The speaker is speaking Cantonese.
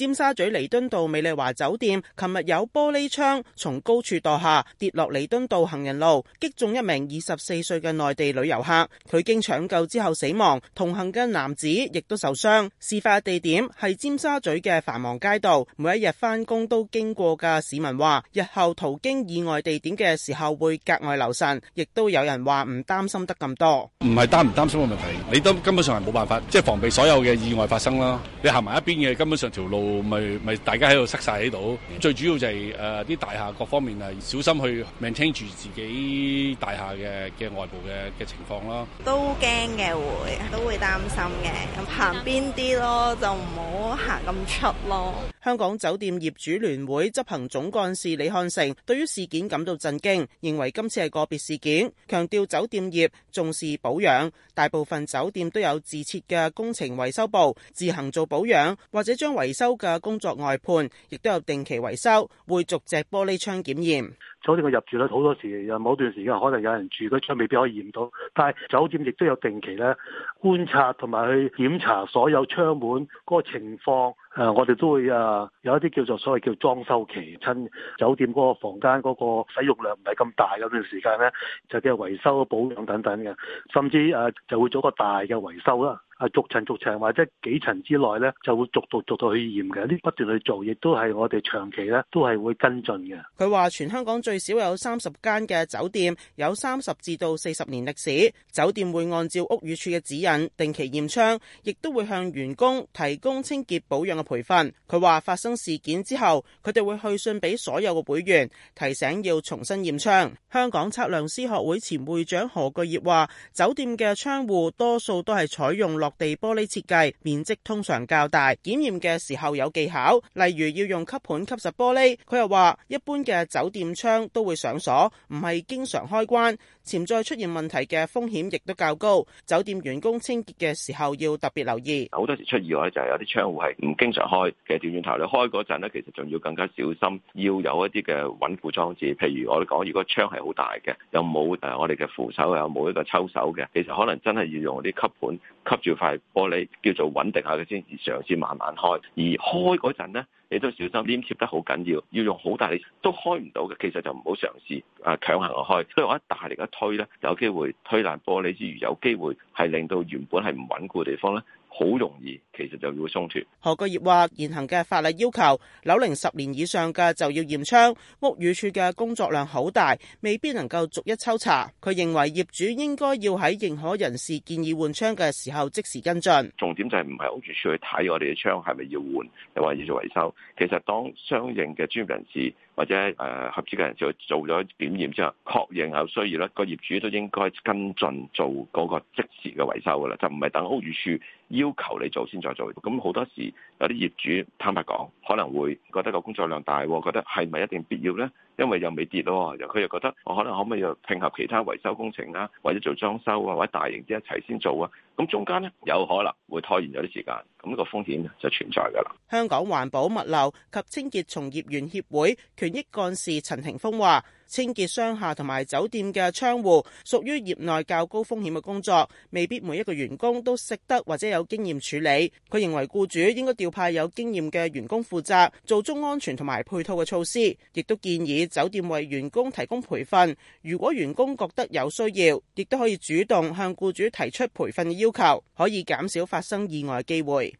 尖沙咀彌敦道美麗華酒店，琴日有玻璃窗從高處墮下，跌落彌敦道行人路，擊中一名二十四歲嘅內地旅遊客，佢經搶救之後死亡，同行嘅男子亦都受傷。事發地點係尖沙咀嘅繁忙街道，每一日返工都經過嘅市民話，日後途經意外地點嘅時候會格外留神。亦都有人話唔擔心得咁多，唔係擔唔擔心嘅問題，你都根本上係冇辦法，即係防備所有嘅意外發生啦。你行埋一邊嘅，根本上條路。咪咪大家喺度塞晒喺度，最主要就係誒啲大廈各方面啊，小心去 maintain 住自己大廈嘅嘅外部嘅嘅情況咯，都驚嘅會都會擔心嘅。咁行邊啲咯，就唔好行咁出咯。香港酒店業主聯會執行總幹事李漢成對於事件感到震驚，認為今次係個別事件，強調酒店業重視保養，大部分酒店都有自設嘅工程維修部，自行做保養或者將維修。嘅工作外判，亦都有定期維修，會逐隻玻璃窗檢驗。酒店嘅入住率好多時，誒某段時間可能有人住，嗰窗未必可以驗到。但係酒店亦都有定期咧觀察同埋去檢查所有窗門嗰個情況。誒，我哋都會誒有一啲叫做所謂叫裝修期，趁酒店嗰個房間嗰個使用量唔係咁大咁段，那個、時間咧，就叫維修、保養等等嘅，甚至誒就會做一個大嘅維修啦。逐層逐層或者幾層之內呢就會逐度逐度去驗嘅，呢不斷去做，亦都係我哋長期呢都係會跟進嘅。佢話：全香港最少有三十間嘅酒店，有三十至到四十年歷史，酒店會按照屋宇署嘅指引定期驗窗，亦都會向員工提供清潔保養嘅培訓。佢話發生事件之後，佢哋會去信俾所有嘅會員，提醒要重新驗窗。香港測量師學會前會長何鉅業話：酒店嘅窗戶多數都係採用落地玻璃設計面積通常較大，檢驗嘅時候有技巧，例如要用吸盤吸實玻璃。佢又話一般嘅酒店窗都會上鎖，唔係經常開關，潛在出現問題嘅風險亦都較高。酒店員工清潔嘅時候要特別留意。好多時出意外，就係有啲窗戶係唔經常開嘅，調轉頭你開嗰陣呢，其實仲要更加小心，要有一啲嘅穩固裝置。譬如我哋講，如果窗係好大嘅，有冇誒我哋嘅扶手，有冇一個抽手嘅，其實可能真係要用啲吸盤吸住。塊 玻璃叫做穩定下佢先，而嘗試慢慢開。而開嗰陣咧，你都小心黏貼得好緊要，要用好大力都開唔到嘅。其實就唔好嘗試啊，強行開。所以我一大力一推咧，有機會推爛玻璃之餘，有機會係令到原本係唔穩固嘅地方咧，好容易，其實就會鬆脱。何鉅業話現行嘅法例要求，樓齡十年以上嘅就要驗窗。屋宇署嘅工作量好大，未必能夠逐一抽查。佢認為業主應該要喺認可人士建議換窗嘅時候即時跟進。重點就係唔係屋宇署去睇我哋嘅窗係咪要換，又或者要做維修。其實當相應嘅專業人士或者誒合資格人士做咗檢驗之後，確認有需要咧，個業主都應該跟進做嗰個即時嘅維修噶啦，就唔係等屋宇署。要求你做先再做，咁好多時有啲業主坦白講，可能會覺得個工作量大㗎，覺得係咪一定必要咧？因為又未跌咯，佢又覺得我可能可唔可以又配合其他維修工程啦，或者做裝修啊，或者大型啲一齊先做啊。咁中間呢有可能會拖延咗啲時間，咁呢個風險就存在噶啦。香港環保物流及清潔從業員協會權益幹事陳庭鋒話：清潔商廈同埋酒店嘅窗戶屬於業內較高風險嘅工作，未必每一個員工都識得或者有經驗處理。佢認為僱主應該調派有經驗嘅員工負責，做足安全同埋配套嘅措施，亦都建議，酒店為員工提供培訓，如果員工覺得有需要，亦都可以主動向僱主提出培訓嘅要求，可以減少發生意外嘅機會。